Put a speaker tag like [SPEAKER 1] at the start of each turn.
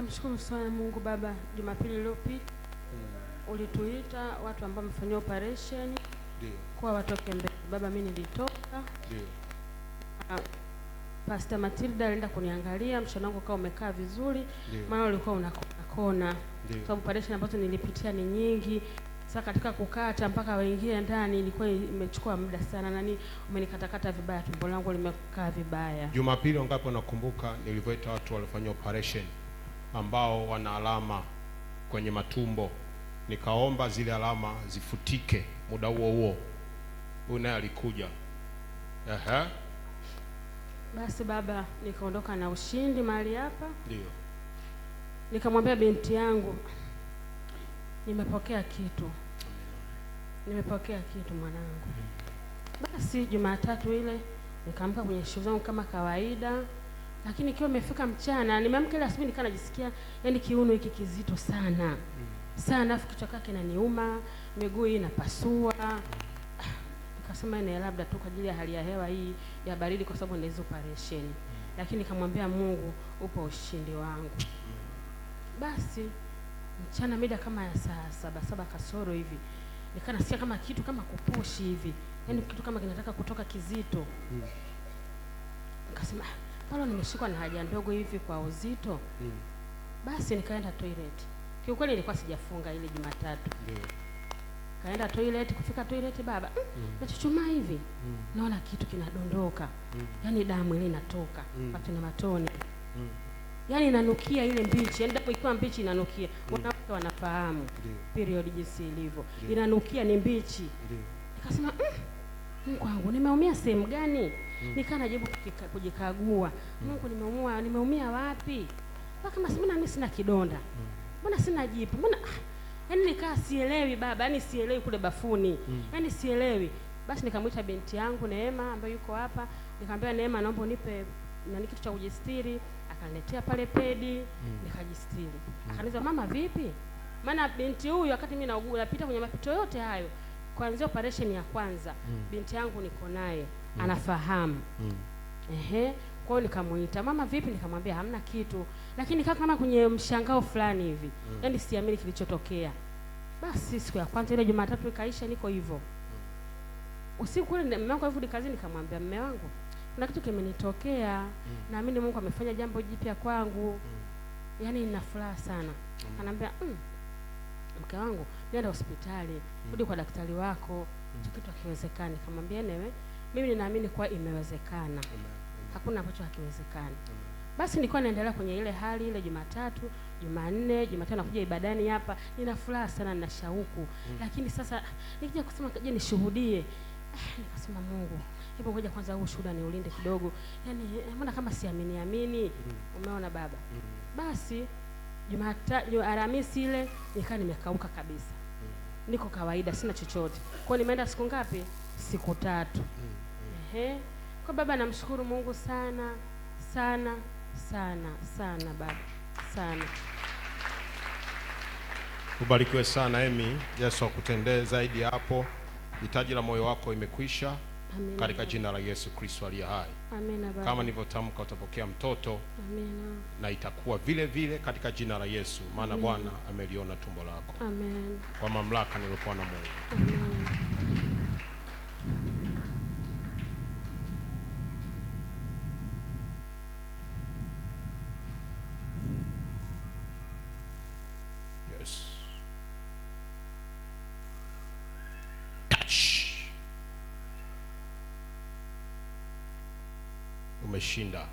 [SPEAKER 1] Namshukuru sana Mungu Baba, Jumapili iliyopita mm. ulituita watu ambao wamefanyia operation kuwa watoke mbele. Baba, mimi nilitoka. Uh, Pastor Matilda alienda kuniangalia, mshana wangu ukawa umekaa vizuri, maana ulikuwa unakona kona, sababu operation ambazo nilipitia ni nyingi. Sasa katika kukata mpaka waingie ndani ilikuwa imechukua muda sana, nani umenikatakata vibaya, tumbo langu limekaa vibaya.
[SPEAKER 2] Jumapili wangapi wanakumbuka nilivyoita watu walifanya operation ambao wana alama kwenye matumbo, nikaomba zile alama zifutike. Muda huo huo huyu naye alikuja. Ehe,
[SPEAKER 1] basi baba, nikaondoka na ushindi mahali hapa. Ndio nikamwambia binti yangu, nimepokea kitu, nimepokea kitu mwanangu. Mm. Basi Jumatatu ile nikaamka kwenye shughuli zangu kama kawaida lakini ikiwa imefika mchana, nimeamka ile asubuhi nikaa najisikia yani kiuno hiki kizito sana mm. sana, afu kichwa kake kinaniuma, miguu inapasua. Nikasema ni labda tu kwa ajili ya hali ya hewa hii ya baridi, kwa sababu nilizo operation, mm. lakini nikamwambia Mungu, upo ushindi wangu. Basi mchana mida kama ya saa saba saba kasoro hivi nikaa nasikia kama kitu kama kupushi hivi, yani kitu kama kinataka kutoka kizito, mm. nikasema ah, mbona nimeshikwa na haja ndogo hivi kwa uzito mm. Basi nikaenda toilet. Kiukweli nilikuwa sijafunga ile Jumatatu yeah. Mm. Kaenda toilet, kufika toilet baba mm, mm. nachuchuma hivi mm. naona kitu kinadondoka mm. yaani damu ile inatoka mm. na matone mm. yaani inanukia ile mbichi, yaani damu ikiwa mbichi inanukia mm. wanawake wanafahamu yeah. period jinsi ilivyo yeah. inanukia ni mbichi yeah. Nikasema mm, Mungu wangu nimeumia sehemu gani? Mm. nikaa najaribu kujikagua mm. Mungu, nimeumua nimeumia wapi? Kama mbona mimi sina kidonda mm. mbona mm. sina jipu mbona ah, yaani nikaa sielewi baba, yaani sielewi kule bafuni mm. yaani sielewi. Basi nikamwita binti yangu Neema ambayo yuko hapa, nikamwambia Neema, naomba unipe nani kitu cha kujistiri. Akaniletea pale pedi mm. nikajistiri. Mm. Akaniza mama, vipi? Maana binti huyu wakati mimi naugua napita kwenye mapito yote hayo kuanzia operation ya kwanza mm. binti yangu niko naye mm. anafahamu mm. ehe kwa hiyo nikamuita, mama vipi? Nikamwambia hamna kitu, lakini kaka, kama kwenye mshangao fulani hivi mm. yaani siamini kilichotokea. Basi siku ya kwanza ile Jumatatu ikaisha, niko hivyo mm. usiku ule mume wangu alivyorudi kazini, nikamwambia mume wangu, kuna kitu kimenitokea mm. naamini Mungu amefanya jambo jipya kwangu mm. yaani nina furaha sana mm. anaambia mm, mke wangu, nenda hospitali, mm. rudi kwa daktari wako, hicho mm. kitu hakiwezekani. Kamwambia newe, mimi ninaamini kuwa imewezekana, hakuna ambacho hakiwezekani. Basi nilikuwa naendelea kwenye ile hali ile. Jumatatu, Jumanne, Jumatano nakuja ibadani hapa, nina furaha sana, nina shauku mm. Lakini sasa nikija kusema je, nishuhudie eh, nikasema Mungu, hebu ngoja kwanza huu shuhuda niulinde kidogo, yaani mbona kama siamini amini, amini. Mm. Umeona baba mm. Basi Jumatatu, Alhamisi ile nikaa nimekauka kabisa, niko kawaida, sina chochote. Kwa nimeenda siku ngapi? Siku tatu. Ehe, kwa baba, namshukuru Mungu sana sana sana sana baba sana.
[SPEAKER 2] Ubarikiwe sana Emmy, Yesu akutendee zaidi hapo. Hitaji la moyo wako imekwisha katika jina la Yesu Kristo aliye hai. Amen, baba. Kama nilivyotamka utapokea mtoto. Amen. Na itakuwa vile vile katika jina la Yesu, maana Bwana ameliona tumbo lako. Amen. Kwa mamlaka niliyopewa na Mungu.
[SPEAKER 1] Amen. umeshinda.